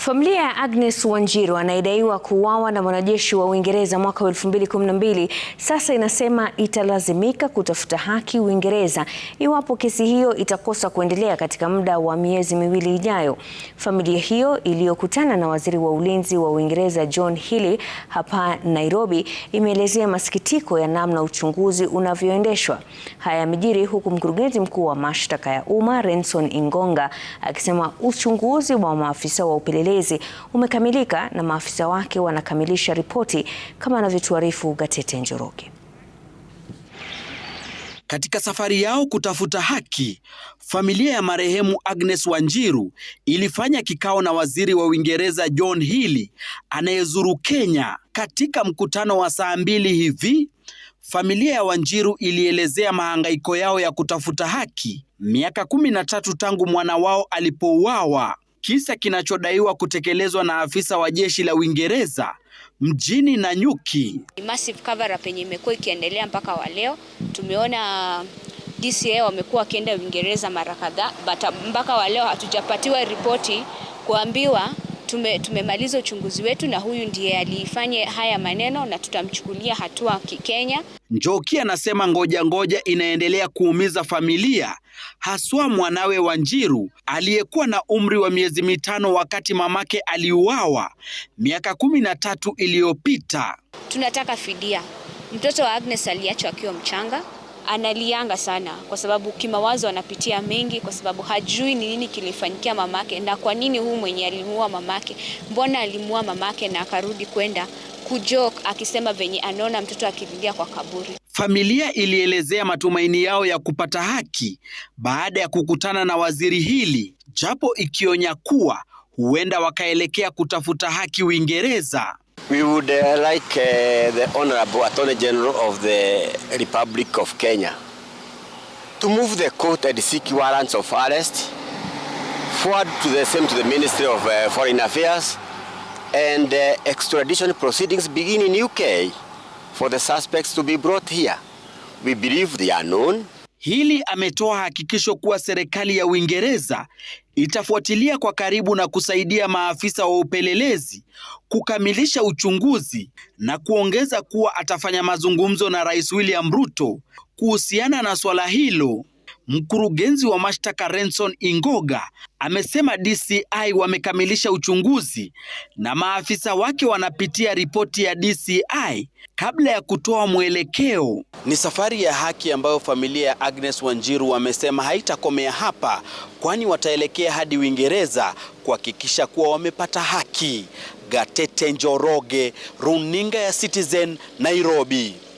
Familia ya Agnes Wanjiru anayedaiwa kuuawa na mwanajeshi wa Uingereza mwaka wa 2012 sasa inasema italazimika kutafuta haki Uingereza iwapo kesi hiyo itakosa kuendelea katika muda wa miezi miwili ijayo. Familia hiyo iliyokutana na Waziri wa Ulinzi wa Uingereza John Healey hapa Nairobi imeelezea masikitiko ya namna uchunguzi unavyoendeshwa. Haya yamejiri huku mkurugenzi mkuu wa mashtaka ya umma Renson Ingonga akisema uchunguzi wa maafisa wa upelelezi upelelezi umekamilika na maafisa wake wanakamilisha ripoti, kama anavyotuarifu Gatete Njoroge. Katika safari yao kutafuta haki, familia ya marehemu Agnes Wanjiru ilifanya kikao na waziri wa Uingereza John Healey anayezuru Kenya. Katika mkutano wa saa mbili hivi, familia ya Wanjiru ilielezea mahangaiko yao ya kutafuta haki miaka kumi na tatu tangu mwana wao alipouawa kisa kinachodaiwa kutekelezwa na afisa wa jeshi la Uingereza mjini Nanyuki. Massive cover up yenye imekuwa ikiendelea mpaka wa leo. Tumeona DCA wamekuwa wakienda Uingereza mara kadhaa, but mpaka wa leo hatujapatiwa ripoti kuambiwa tume, tumemaliza uchunguzi wetu na huyu ndiye alifanya haya maneno na tutamchukulia hatua kikenya. Njoki anasema ngoja ngoja inaendelea kuumiza familia, haswa mwanawe Wanjiru aliyekuwa na umri wa miezi mitano wakati mamake aliuawa miaka kumi na tatu iliyopita. Tunataka fidia. Mtoto wa Agnes aliachwa akiwa mchanga analianga sana, kwa sababu kimawazo anapitia mengi, kwa sababu hajui ni nini kilifanyikia mamake na kwa nini huu mwenye alimuua mamake, mbona alimuua mamake na akarudi kwenda kujok, akisema venye anaona mtoto akiingia kwa kaburi. Familia ilielezea matumaini yao ya kupata haki baada ya kukutana na waziri hili, japo ikionya kuwa huenda wakaelekea kutafuta haki Uingereza. We would uh, like uh, the Honorable Attorney General of the Republic of Kenya to move the court and seek warrants of arrest forward to the same to the Ministry of uh, Foreign Affairs and uh, extradition proceedings begin in UK for the suspects to be brought here. We believe they are known hili ametoa hakikisho kuwa serikali ya Uingereza itafuatilia kwa karibu na kusaidia maafisa wa upelelezi kukamilisha uchunguzi na kuongeza kuwa atafanya mazungumzo na Rais William Ruto kuhusiana na swala hilo Mkurugenzi wa mashtaka Renson Ingoga amesema DCI wamekamilisha uchunguzi na maafisa wake wanapitia ripoti ya DCI kabla ya kutoa mwelekeo. Ni safari ya haki ambayo familia ya Agnes Wanjiru wamesema haitakomea hapa, kwani wataelekea hadi Uingereza kuhakikisha kuwa wamepata haki. Gatete Njoroge, runinga ya Citizen, Nairobi.